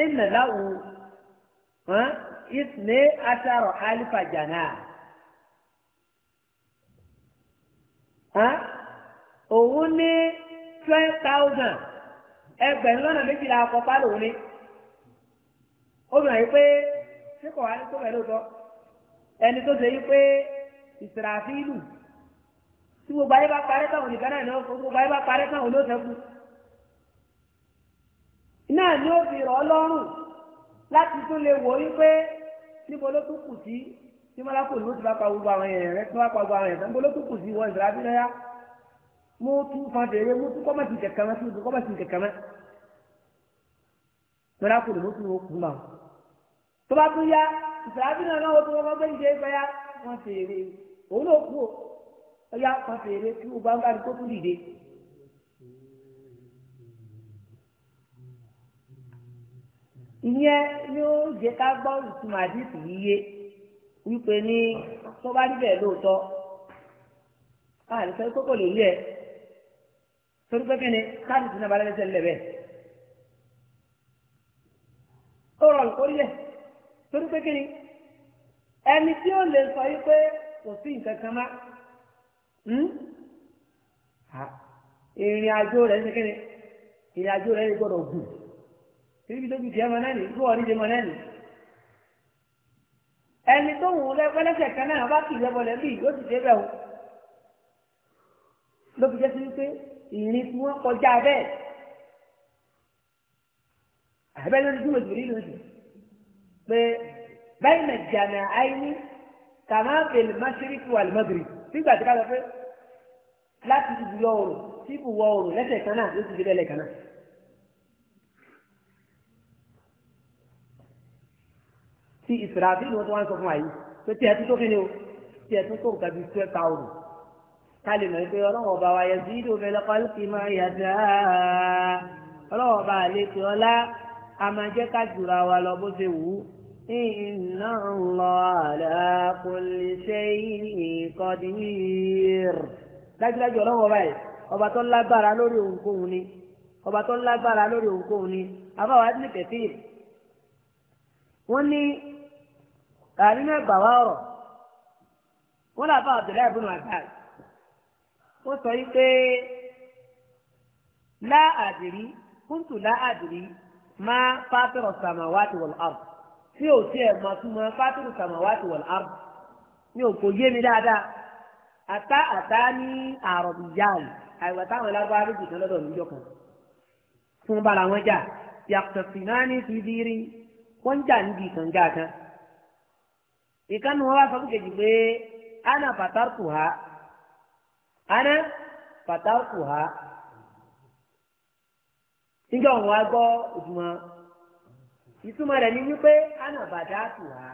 ẹ̀ ń láwù ìdílé asarọ̀ alifa jana. òun ní twenty thousand ẹgbẹ̀rún lọ́nà méjìlá akọ́pá lòun ní obìnrin yìí pé ṣé kò wá ní tó bẹ̀ lóòótọ́ ẹni tó ṣe yí pé ìsìràfíìlù tí gbogbo ayé bá parẹ́ táwọn nìkan náà gbogbo ayé bá parẹ́ táwọn olóṣèkú náà ni ó fi rọ̀ ọ́ lọ́rùn láti tún lè wò ló tún tí mọ́lákò ló ti bá pa gbogbo àwọn èèyàn rẹ tí wọ́n pa gbogbo àwọn èèyàn tó ń kó sí wọn ìsirà bí lọ́yà mo tún fan fèrè mo tún kọ́mọ̀tì kẹ̀kẹ́ mẹ́ tún kọ́mọ̀tì kẹ̀kẹ́ mẹ́ mọ́lákò ló tún kú mà tó bá tún yá ìsirà bí náà náà wọ́n tún wọ́n gbé ìdè ìfẹ́ yá wọ́n fèrè òun ló kú ó yá wọ́n fèrè kí gbogbo bá kó ìyẹn ni ó jẹ ká gbọ́ ìtumọ̀ àdìsí yíyé wípé ní tó bá níbẹ̀ lóòótọ́ àìsàn kókò lè rí ẹ torí pé kíni káàdì tí náà bá lẹ́sẹ̀ lẹ̀ bẹ́ẹ̀ ó rọrùn kó rí ẹ torí pé kíni ẹni tí ó lè sọ yìí pé kò sí nǹkan kan má hmm? ìrìn àjò rẹ̀ ṣe kíni ìrìn àjò rẹ̀ gbọ́dọ̀ gùn torí tó ju tiẹ̀ mọ́ náà nì gbọ́ ọ̀rí jẹ́ mọ́ náà nì ẹni tó wù ú lẹ́sẹ̀ kan náà bá kì í lẹ́bọ̀lẹ́ bí yóò ti débẹ̀ o ló fi jẹ́ sí wípé ìrìn tí wọ́n kọjá bẹ́ẹ̀ àbẹ́ lórí tí mo jù rí lóṣù pé báyìí nà jàmẹ́ àìní kàmá bèlè máṣíríkì wà lùmọ́gìrì tí ká lọ pé láti ibùyọ òrò sí ibùwọ òrò lẹ́sẹ̀ kan náà ló ti débẹ̀ lẹ́kan náà. ti ìsirafí ni wọ́n tó wá ń sọ fún wa yìí pé tí ẹ tún tó kí ni o tí ẹ tún tó nǹkan bíi twelve thousand ká lè mọ̀ pé ọlọ́wọ́n ọba wa yẹn zídò fẹlẹ́ kọ́lùkì máa yà dá ọlọ́wọ́n ọba àlejò ọlá a máa jẹ́ ká jùra wa lọ bó ṣe wù ú. Inna Allah ala kulli shay'in qadir. Dájúdájú ọlọ́wọ́n ọba yìí ọba tó lágbára lórí ohunkóhun ni ọba tó lágbára lórí ohunkóhun ni àbáwá ní kẹfíìn. Wọ́n ní àrí náà gbà wá ọ̀rọ̀ wọn là bá Abdullahi ibn Abbas ó sọ yìí pé láàdìrí kúntù láàdìrí máa fátìrọ̀ sàmáwáàtì wọ̀l àrùn tí ò tí ẹ̀ máa tún máa fátìrọ̀ sàmáwáàtì wọ̀l àrùn ní òkò yé mi dáadáa àtá àtá ní àrọ̀bìyàn àìwà táwọn alágbára lójú ìtàn lọ́dọ̀ níjọ kan fún bára jà yàtọ̀ sí náà ní dírí wọ́n jà níbi ìkànjá kan. ìkànnì wọn wá sọ ana pàtàkù ha ana pàtàkù ha níjọ́ wọn wá gbọ́ ìtumọ̀ ni wípé ana pàtàkù ha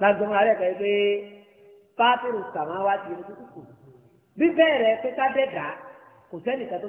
na rẹ̀ kẹ́ pé pápẹ́rù sàmá wá ti yẹn kúkú bí bẹ́ẹ̀ rẹ̀ pé ká dẹ́ dà to sẹ́nìkan tó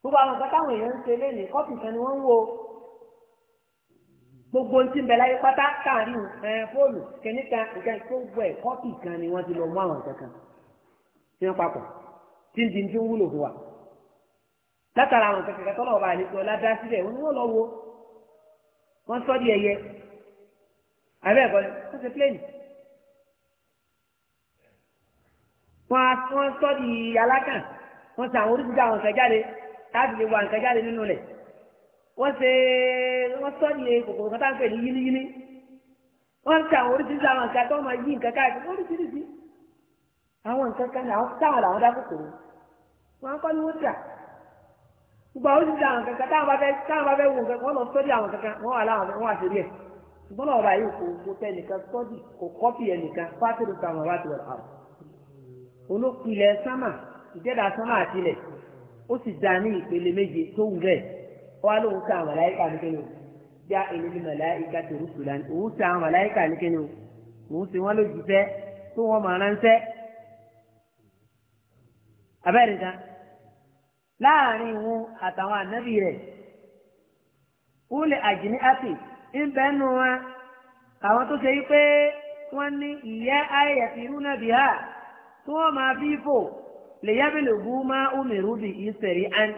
gbogbo àwọn nǹkan táwọn èèyàn ń ṣe léèlè kọ́pì kan ni wọ́n ń wo gbogbo ti ń bẹ láyé pátá káàrin fóònù kìnnìkan ìjà ìgbógbó ẹ̀ kọ́pì kan ni wọ́n ti lọ mú àwọn nǹkan kan tí wọ́n papọ̀ tí ń di ní wúlò fún wa látara àwọn nǹkan kẹ̀kẹ́ tọ́lọ̀ ọba àlejò ọlá dá sílẹ̀ wọ́n ni wọ́n lọ wo wọ́n sọ́ di ẹyẹ àbẹ́ ẹ̀kọ́ ni wọ́n ṣe pléènì wọ́n sọ́ di alákàn wọ́n ṣe táàbì lè wà nǹkan jáde nínú rẹ̀ wọ́n ṣe wọ́n sọ́ọ̀dì kòkòrò kan tá à ń pè ní yíniyíní wọ́n ń ta oríṣiríṣi àwọn nǹkan tó máa yí nǹkan káàkiri oríṣiríṣi àwọn nǹkan kan táwọn làwọn dá kòkòrò wọn kọ́ ni wọ́n tà gbogbo àwọn oríṣiríṣi àwọn nǹkan táwọn bá fẹ́ táwọn bá fẹ́ wò nǹkan wọ́n lọ sọ́ọ̀dì àwọn nǹkan wọ́n wà láwọn wọ́n wà sí ṣùgbọ́n yìí kò kò tẹ nìkan sọ́ọ̀dì kò kọ́pì ẹ̀ nìkan fásitì ó sì dá ní ìpele méje tó wù rẹ̀ wá lóun ká àwọn màláíkà ní kẹ́ni o já èmi ní màláíkà tó rúkú lánìí òun ká àwọn màláíkà ní kẹ́ni o òun sì wọ́n lójú fẹ́ tó wọ́n máa ránṣẹ́ abẹ́rẹ́ ta láàrin òun àtàwọn ànábì rẹ̀ wọ́n lè àjìní àti ìbẹ́nu wọn àwọn tó ṣe yí pé wọ́n ní ìyá ayẹ̀tì irú náà bìí hà tí wọ́n máa fi fò. lè yábẹ̀lẹ̀ ògùn máa omi rúbì ìsẹ̀rí án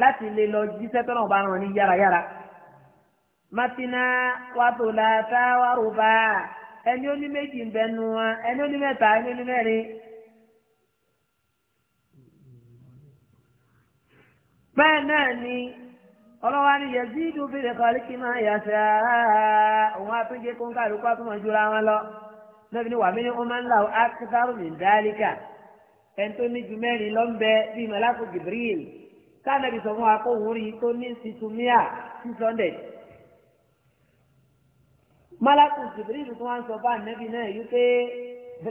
láti lè lọ jíṣẹ́ tọ́nà bá rán ní yárayára. matina wàtòlá táwárùbá ẹni ó ní méjì ń bẹnu wa ẹni ó ní mẹ́ta ẹni ó ní mẹ́rin. bẹ́ẹ̀ náà ni ọlọ́wà ni yẹ̀zídù fi lè kí máa yà sí àwọn àtúnjẹ kó ń kàlùkù àtúmọ̀júra wọn lọ. náà ni wàmí ni ó máa ń la àkítàrù min dálíkà ẹni tó ní ju mẹ́rin lọ́nbẹ bíi malako Jibril káàdàbí sọ fún wa kó òun rí tó ní situmia six hundred malako Jibril tó wá ń sọ bá nẹ́bí náà yí pé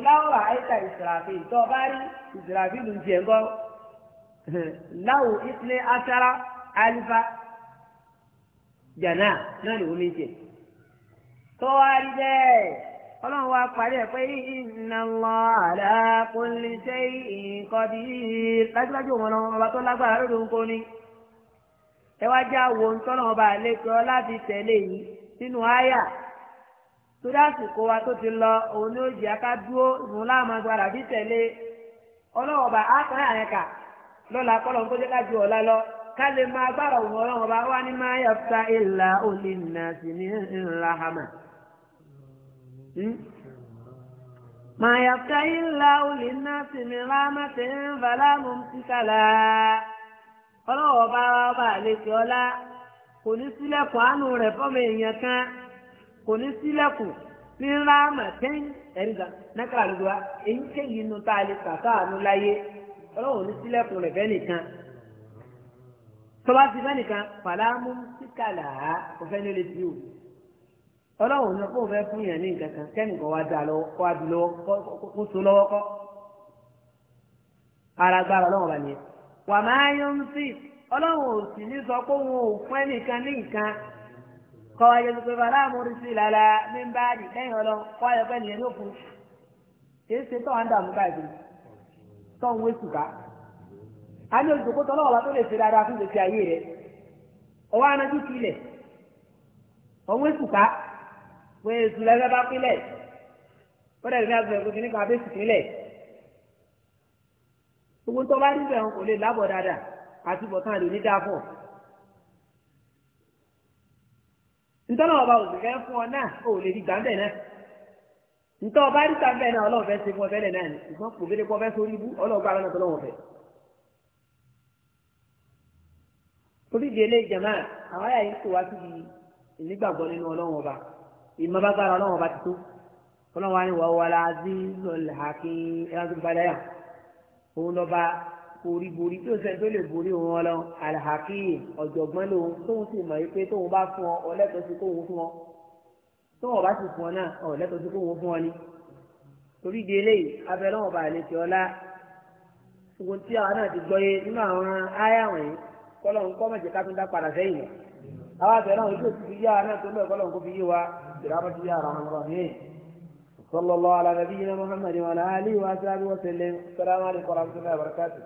láwọ àìsà ìsìràfì tó bá rí ìsìràfì ló ń tiẹ̀ ń kọ́ láwọ ìsìlẹ̀ alifa jana náà ni wọ́n ní tó wá rí bẹ́ẹ̀ ọlọ́run wa parí ẹ̀ pé inna Allah ala kulli shay'in qadir dájúdájú òun ọlọ́run ọba tó lágbára lórí òun kò ní. ẹ wá já wo ntọ́nà ọba àlékọ́ láti tẹ̀lé yìí sínú àyà torí àsìkò wa tó ti lọ òun ni ó jì á ká dúró ìmú tẹ̀lé ọlọ́run ọba á kàn kà lọ́la kọ́lọ́n tó jẹ́ ká ọ̀la lọ ká lè máa gbára òun ọlọ́run ọba wá ní máa yẹ ما يفتح الله للناس من رحمة فلا ممسك لها ọlọ́wọ́ bá bá àlejò ọlá kò ní sílẹ̀kùn àánú rẹ̀ fọ́mọ èèyàn kan kò ní sílẹ̀kùn ní ńlá màtẹ́yìn ẹ̀ríga nákàlà ló wa èyí kéyìí inú tá a lè kàtà àánú láyé ọlọ́wọ́ ní sílẹ̀kùn rẹ̀ fẹ́ nìkan tọ́ba ti fẹ́ nìkan fàlámù síkàlà kò fẹ́ ní olè tí o. ọlọ́run ní kó fẹ́ fún yẹn ní nǹkan kan kẹ́nìkan wá dá lọ́wọ́ kó wá lọ́wọ́ kó so lọ́wọ́ kọ́ ara gbára ọlọ́run wà nìyẹn wà máa yọ ń sì ọlọ́run ò sì ní sọ pé òun ò fún ní nǹkan kọ́ ayé ní ọlọ́run kọ́ ayé nìyẹn ṣe tọ́ pé èsù lẹ́sẹ̀ bá pínlẹ̀ kódà ìdílé àgbẹ̀ kò kíní kan abẹ́sù pínlẹ̀ gbogbo tó bá rí bẹ̀ wọn kò lè lábọ̀ dáadáa àti bọ̀tán àlè onídàáfọ̀ ntọ́nà ọba òṣìṣẹ́ fún ọ náà ò lè rí gbàǹdẹ̀ náà ntọ́ ọba rí gbàǹdẹ̀ náà ọlọ́run fẹ́ ṣe fún ọ fẹ́lẹ̀ náà ni ṣùgbọ́n kò gédé kọ́ fẹ́ sórí ibú ọlọ́run gbàǹdẹ̀ náà tọ́lọ́wọ́ fẹ́. oríṣi eléyìí jẹ̀máà àwọn àyà yìí kò wá síbi ìnígbàgbọ́ nínú ọlọ́run ọba ìmọ̀ bá gbára ọlọ́wọ́n bá ti tó ọlọ́wọ́n wa ni wọ́n wọlé azizul hakim ẹ̀rọ balẹ̀yà òun lọ́ba borí borí tó sẹ́ni tó lè borí òun ọlọ́wọ́n alhakim ọ̀jọ̀gbọ́n lòun tóun sì mọ̀ pé tóun bá fún ọ ọlẹ́tọ̀ọ́ sí kóun fún ọ tóun bá sì fún ọ náà ọlẹ́tọ̀ọ́ sí kóun fún ọ ni torí di eléyìí abẹ́ lọ́wọ́n bá lè ti ọlá ogun tí àwọn náà ti gbọ́ yé nínú àwọn áyà wọ̀nyí kọ́lọ́hún kọ́ mọ̀jẹ̀ ká dá padà sẹ́yìn àwọn abẹ́ lọ́wọ́n tó ti fi àwọn náà tó lọ́ọ̀ kọ́lọ́hún kó fi yé wa برحمة يا رحمن الرحيم صلى الله على نبينا محمد وعلى آله وأصحابه وسلم السلام عليكم ورحمة الله وبركاته